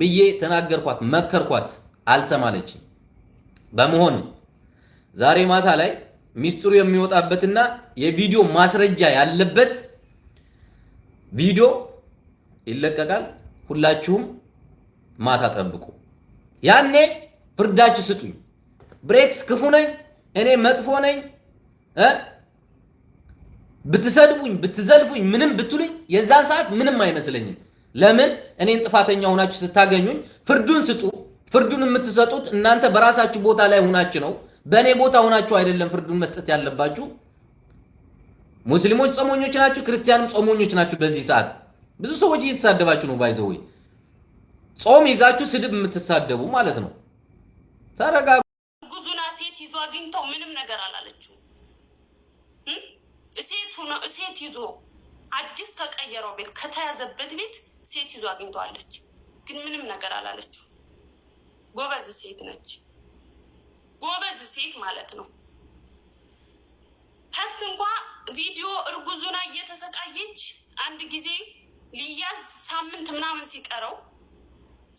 ብዬ ተናገርኳት፣ መከርኳት፣ አልሰማለችም። በመሆኑ ዛሬ ማታ ላይ ሚስጥሩ የሚወጣበትና የቪዲዮ ማስረጃ ያለበት ቪዲዮ ይለቀቃል። ሁላችሁም ማታ ጠብቁ። ያኔ ፍርዳችሁ ስጡኝ። ብሬክስ ክፉ ነኝ፣ እኔ መጥፎ ነኝ፣ ብትሰድቡኝ፣ ብትዘልፉኝ፣ ምንም ብትሉኝ የዛን ሰዓት ምንም አይመስለኝም። ለምን እኔን ጥፋተኛ ሆናችሁ ስታገኙኝ ፍርዱን ስጡ። ፍርዱን የምትሰጡት እናንተ በራሳችሁ ቦታ ላይ ሆናችሁ ነው። በእኔ ቦታ ሆናችሁ አይደለም ፍርዱን መስጠት ያለባችሁ። ሙስሊሞች ጾመኞች ናችሁ፣ ክርስቲያንም ጾመኞች ናችሁ። በዚህ ሰዓት ብዙ ሰዎች እየተሳደባችሁ ነው። ባይዘው ጾም ይዛችሁ ስድብ የምትሳደቡ ማለት ነው። ተረጋጉ። ጉዙና ሴት ይዞ አግኝተው ምንም ነገር አላለችው። ሴት ይዞ አዲስ ከቀየረው ቤት ከተያዘበት ቤት ሴት ይዞ አግኝተዋለች፣ ግን ምንም ነገር አላለችው። ጎበዝ ሴት ነች። ጎበዝ ሴት ማለት ነው። ከት እንኳ ቪዲዮ እርጉዙና እየተሰቃየች አንድ ጊዜ ሊያዝ ሳምንት ምናምን ሲቀረው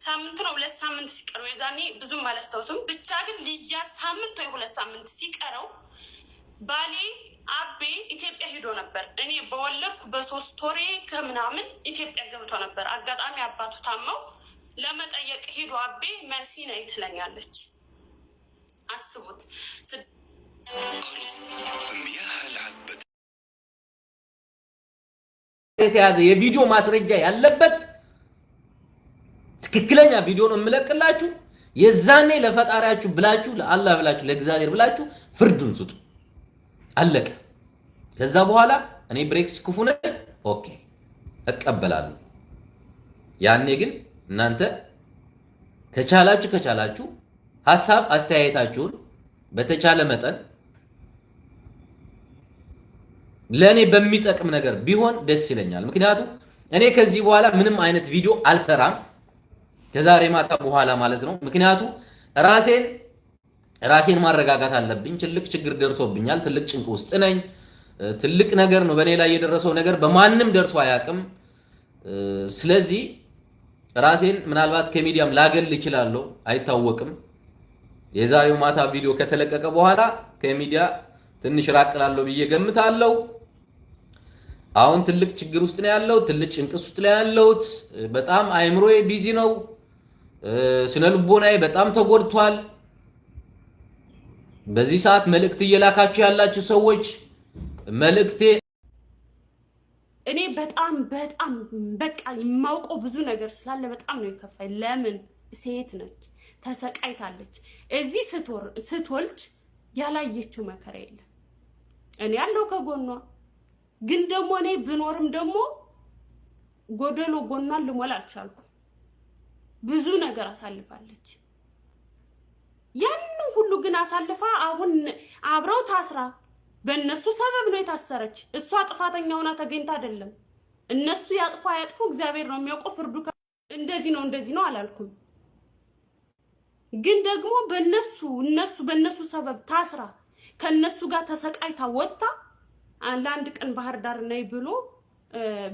ሳምንቱ ነው ሁለት ሳምንት ሲቀረው የዛኔ ብዙም አላስታውስም። ብቻ ግን ሊያዝ ሳምንት ወይ ሁለት ሳምንት ሲቀረው ባሌ አቤ ኢትዮጵያ ሂዶ ነበር። እኔ በወለድኩ በሶስት ወሬ ከምናምን ኢትዮጵያ ገብቶ ነበር። አጋጣሚ አባቱ ታመው ለመጠየቅ ሂዶ አቤ መሲ ነይ ትለኛለች። አስቡት። የተያዘ የቪዲዮ ማስረጃ ያለበት ትክክለኛ ቪዲዮ ነው የምለቅላችሁ። የዛኔ ለፈጣሪያችሁ ብላችሁ ለአላህ ብላችሁ ለእግዚአብሔር ብላችሁ ፍርዱን ስጡ። አለቀ። ከዛ በኋላ እኔ ብሬክስ ክፉ ነኝ፣ ኦኬ እቀበላለሁ። ያኔ ግን እናንተ ከቻላችሁ ከቻላችሁ ሀሳብ አስተያየታችሁን በተቻለ መጠን ለእኔ በሚጠቅም ነገር ቢሆን ደስ ይለኛል። ምክንያቱም እኔ ከዚህ በኋላ ምንም አይነት ቪዲዮ አልሰራም ከዛሬ ማታ በኋላ ማለት ነው። ምክንያቱ ራሴን ራሴን ማረጋጋት አለብኝ። ትልቅ ችግር ደርሶብኛል። ትልቅ ጭንቅ ውስጥ ነኝ። ትልቅ ነገር ነው በእኔ ላይ የደረሰው ነገር በማንም ደርሶ አያውቅም። ስለዚህ ራሴን ምናልባት ከሚዲያም ላገል እችላለሁ፣ አይታወቅም። የዛሬው ማታ ቪዲዮ ከተለቀቀ በኋላ ከሚዲያ ትንሽ ራቅላለሁ ብዬ ገምታለሁ። አሁን ትልቅ ችግር ውስጥ ነው ያለሁት፣ ትልቅ ጭንቅ ውስጥ ላይ ያለሁት። በጣም አይምሮዬ ቢዚ ነው፣ ስነ ልቦናዬ በጣም ተጎድቷል። በዚህ ሰዓት መልእክት እየላካችሁ ያላችሁ ሰዎች መልእክቴ እኔ በጣም በጣም በቃ የማውቀው ብዙ ነገር ስላለ በጣም ነው የከፋኝ። ለምን ሴት ነች፣ ተሰቃይታለች። እዚህ ስትወልድ ያላየችው መከራ የለም። እኔ ያለው ከጎኗ ግን ደግሞ እኔ ብኖርም ደግሞ ጎደሎ ጎኗን ልሞላ አልቻልኩም። ብዙ ነገር አሳልፋለች ያን አሳልፋ አሁን አብረው ታስራ በእነሱ ሰበብ ነው የታሰረች። እሷ ጥፋተኛ ሆና ተገኝታ አይደለም። እነሱ ያጥፉ አያጥፉ እግዚአብሔር ነው የሚያውቀው። ፍርዱ እንደዚህ ነው እንደዚህ ነው አላልኩም። ግን ደግሞ በእነሱ እነሱ በእነሱ ሰበብ ታስራ ከእነሱ ጋር ተሰቃይታ ወጥታ ለአንድ ቀን ባህር ዳር ነይ ብሎ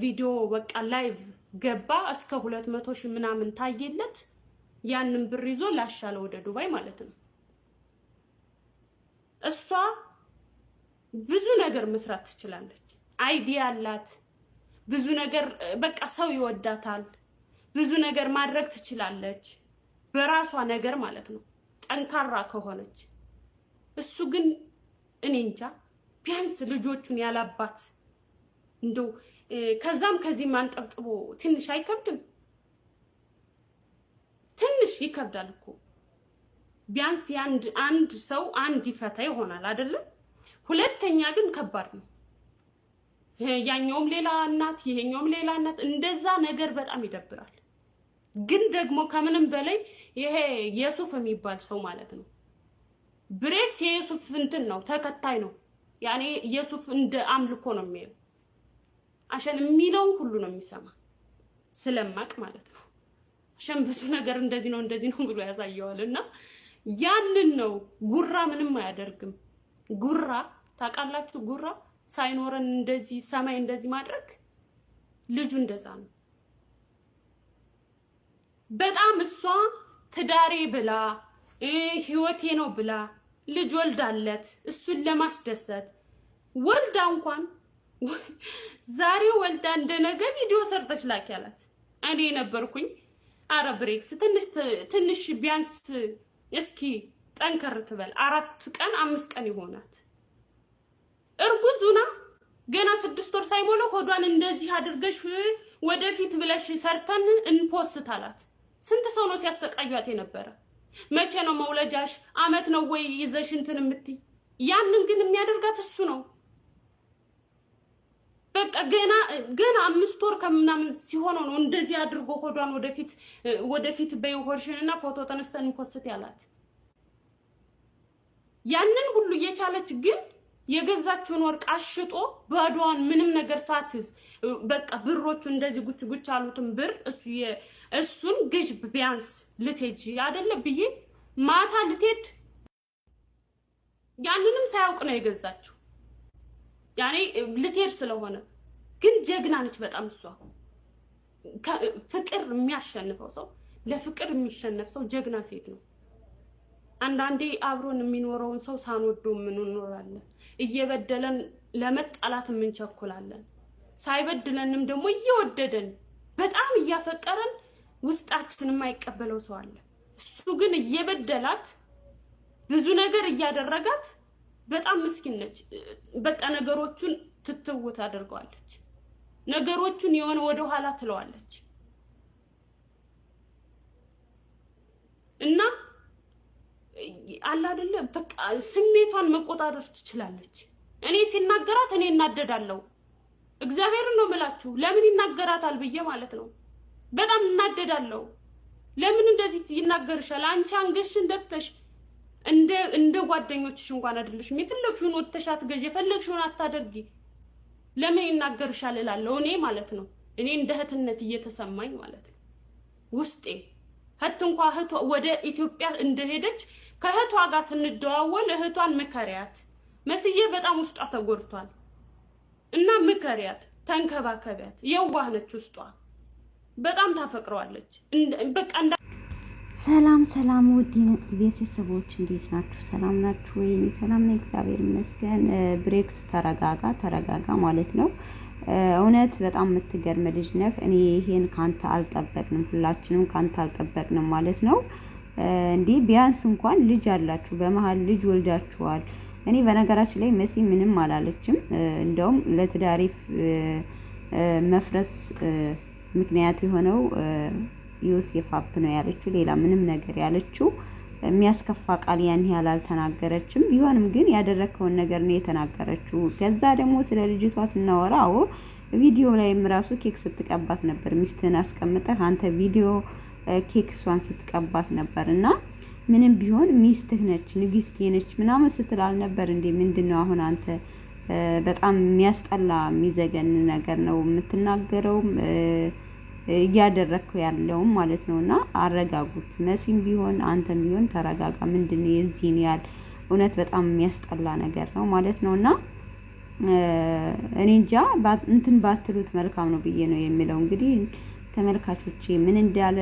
ቪዲዮ በቃ ላይቭ ገባ። እስከ ሁለት መቶ ሺህ ምናምን ታየለት። ያንን ብር ይዞ ላሻለ ወደ ዱባይ ማለት ነው። እሷ ብዙ ነገር መስራት ትችላለች። አይዲያ አላት። ብዙ ነገር በቃ ሰው ይወዳታል። ብዙ ነገር ማድረግ ትችላለች። በራሷ ነገር ማለት ነው ጠንካራ ከሆነች። እሱ ግን እኔ እንጃ ቢያንስ ልጆቹን ያላባት እንዶ ከዛም ከዚህም አንጠብጥቦ ትንሽ አይከብድም? ትንሽ ይከብዳል እኮ ቢያንስ የአንድ አንድ ሰው አንድ ይፈታ ይሆናል አይደለም። ሁለተኛ ግን ከባድ ነው። ያኛውም ሌላ እናት፣ ይሄኛውም ሌላ እናት፣ እንደዛ ነገር በጣም ይደብራል። ግን ደግሞ ከምንም በላይ ይሄ የሱፍ የሚባል ሰው ማለት ነው ብሬክስ የሱፍ እንትን ነው ተከታይ ነው። ያኔ የሱፍ እንደ አምልኮ ነው የሚለው አሸን የሚለውን ሁሉ ነው የሚሰማ ስለማቅ ማለት ነው። አሸን ብዙ ነገር እንደዚህ ነው እንደዚህ ነው ብሎ ያሳየዋል እና ያንን ነው። ጉራ ምንም አያደርግም። ጉራ ታውቃላችሁ፣ ጉራ ሳይኖረን እንደዚህ ሰማይ እንደዚህ ማድረግ ልጁ እንደዛ ነው። በጣም እሷ ትዳሬ ብላ ህይወቴ ነው ብላ ልጅ ወልዳለት እሱን ለማስደሰት ወልዳ እንኳን ዛሬ ወልዳ እንደነገ ቪዲዮ ሰርተች ላኪ ያላት እኔ የነበርኩኝ አረ ብሬክስ ትንሽ ቢያንስ እስኪ ጠንከር ትበል። አራት ቀን አምስት ቀን ይሆናት እርጉዙና ገና ስድስት ወር ሳይሞላው ሆዷን እንደዚህ አድርገሽ ወደፊት ብለሽ ሰርተን እንፖስት አላት። ስንት ሰው ነው ሲያሰቃያት የነበረ? መቼ ነው መውለጃሽ? አመት ነው ወይ ይዘሽ እንትን የምትይ? ያንን ግን የሚያደርጋት እሱ ነው። በቃ ገና ገና አምስት ወር ከምናምን ሲሆነው ነው እንደዚህ አድርጎ ሆዷን ወደፊት ወደፊት በይሆሽን እና ፎቶ ተነስተን ኮስት ያላት ያንን ሁሉ እየቻለች ግን የገዛችውን ወርቅ አሽጦ ባዷን ምንም ነገር ሳትዝ በቃ ብሮቹ እንደዚህ ጉች ጉች አሉትን ብር እሱ እሱን ግዥ ቢያንስ ልትሄጂ አይደለ ብዬ ማታ ልትሄድ ያንንም ሳያውቅ ነው የገዛችው። ያኔ ልትሄድ ስለሆነ ግን ጀግና ነች በጣም እሷ። ፍቅር የሚያሸንፈው ሰው ለፍቅር የሚሸነፍ ሰው ጀግና ሴት ነው። አንዳንዴ አብሮን የሚኖረውን ሰው ሳንወዶ እኖራለን እየበደለን ለመጣላት የምንቸኩላለን። ሳይበድለንም ደግሞ እየወደደን በጣም እያፈቀረን ውስጣችን የማይቀበለው ሰው አለ። እሱ ግን እየበደላት ብዙ ነገር እያደረጋት በጣም ምስኪን ነች። በቃ ነገሮቹን ትትው ታደርገዋለች። ነገሮቹን የሆነ ወደ ኋላ ትለዋለች እና አላ አይደለ በቃ ስሜቷን መቆጣጠር ትችላለች። እኔ ሲናገራት እኔ እናደዳለሁ። እግዚአብሔርን ነው የምላችሁ። ለምን ይናገራታል ብዬ ማለት ነው። በጣም እናደዳለሁ። ለምን እንደዚህ ይናገርሻል? አንቺ አንገትሽን ደፍተሽ እንደ እንደ ጓደኞችሽ እንኳን አይደለሽም። የፈለግሽውን ወጥተሽ አትገዢ፣ የፈለግሽውን አታደርጊ። ለምን ይናገርሻል እላለሁ እኔ ማለት ነው። እኔ እንደ እህትነት እየተሰማኝ ማለት ነው ውስጤ እህት እንኳ እህቷ ወደ ኢትዮጵያ እንደሄደች ከእህቷ ጋር ስንደዋወል እህቷን ምከሪያት፣ መስዬ በጣም ውስጧ ተጎድቷል እና ምከሪያት፣ ተንከባከቢያት። የዋህነች ውስጧ በጣም ታፈቅረዋለች በቃ ሰላም ሰላም፣ ውድ ቤተሰቦች እንዴት ናችሁ? ሰላም ናችሁ ወይ? እኔ ሰላም ነኝ፣ እግዚአብሔር ይመስገን። ብሬክስ ተረጋጋ፣ ተረጋጋ ማለት ነው። እውነት በጣም የምትገርም ልጅ ነህ። እኔ ይሄን ካንተ አልጠበቅንም፣ ሁላችንም ካንተ አልጠበቅንም ማለት ነው። እንዲህ ቢያንስ እንኳን ልጅ አላችሁ፣ በመሀል ልጅ ወልዳችኋል። እኔ በነገራችን ላይ መሲ ምንም አላለችም። እንደውም ለትዳሪፍ መፍረስ ምክንያት የሆነው ዮሴፍ አፕ ነው ያለችው። ሌላ ምንም ነገር ያለችው የሚያስከፋ ቃል ያን ያህል አልተናገረችም። ቢሆንም ግን ያደረግከውን ነገር ነው የተናገረችው። ከዛ ደግሞ ስለ ልጅቷ ስናወራ አዎ ቪዲዮ ላይም ራሱ ኬክ ስትቀባት ነበር። ሚስትህን አስቀምጠህ አንተ ቪዲዮ ኬክ እሷን ስትቀባት ነበር እና ምንም ቢሆን ሚስትህ ነች፣ ንግስቴ ነች ምናምን ስትል አልነበር እንዴ? ምንድን ነው አሁን አንተ በጣም የሚያስጠላ የሚዘገን ነገር ነው የምትናገረውም እያደረግኩ ያለውም ማለት ነው። እና አረጋጉት፣ መሲም ቢሆን አንተም ቢሆን ተረጋጋ። ምንድን የዚህን ያህል እውነት በጣም የሚያስጠላ ነገር ነው ማለት ነው። እና እኔ እንጃ እንትን ባትሉት መልካም ነው ብዬ ነው የሚለው እንግዲህ ተመልካቾቼ ምን እንዳለ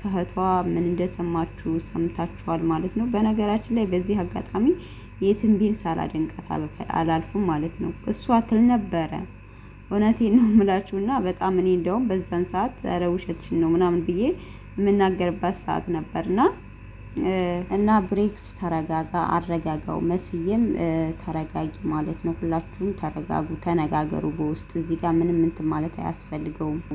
ከእህቷ ምን እንደሰማችሁ ሰምታችኋል ማለት ነው። በነገራችን ላይ በዚህ አጋጣሚ የትንቢል ሳላደንቀት አላልፉም ማለት ነው። እሷ ትል ነበረ እውነቴ ነው የምላችሁ እና በጣም እኔ እንደውም በዛን ሰዓት ኧረ ውሸትሽን ነው ምናምን ብዬ የምናገርባት ሰዓት ነበርና እና ብሬክስ ተረጋጋ፣ አረጋጋው መስዬም ተረጋጊ ማለት ነው። ሁላችሁም ተረጋጉ፣ ተነጋገሩ በውስጥ እዚህ ጋር ምንም እንትን ማለት አያስፈልገውም።